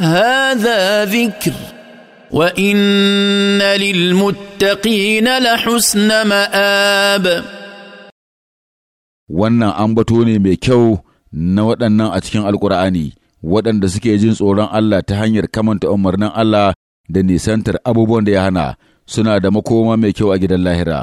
هذا ذكر وان للمتقين لحسن مآب wannan ambato ne mai kyau na waɗannan a cikin alkur'ani waɗanda suke jin tsoron Allah ta hanyar kamanta umarnin Allah da nisantar abubuwan da ya hana suna da makoma mai kyau a gidan lahira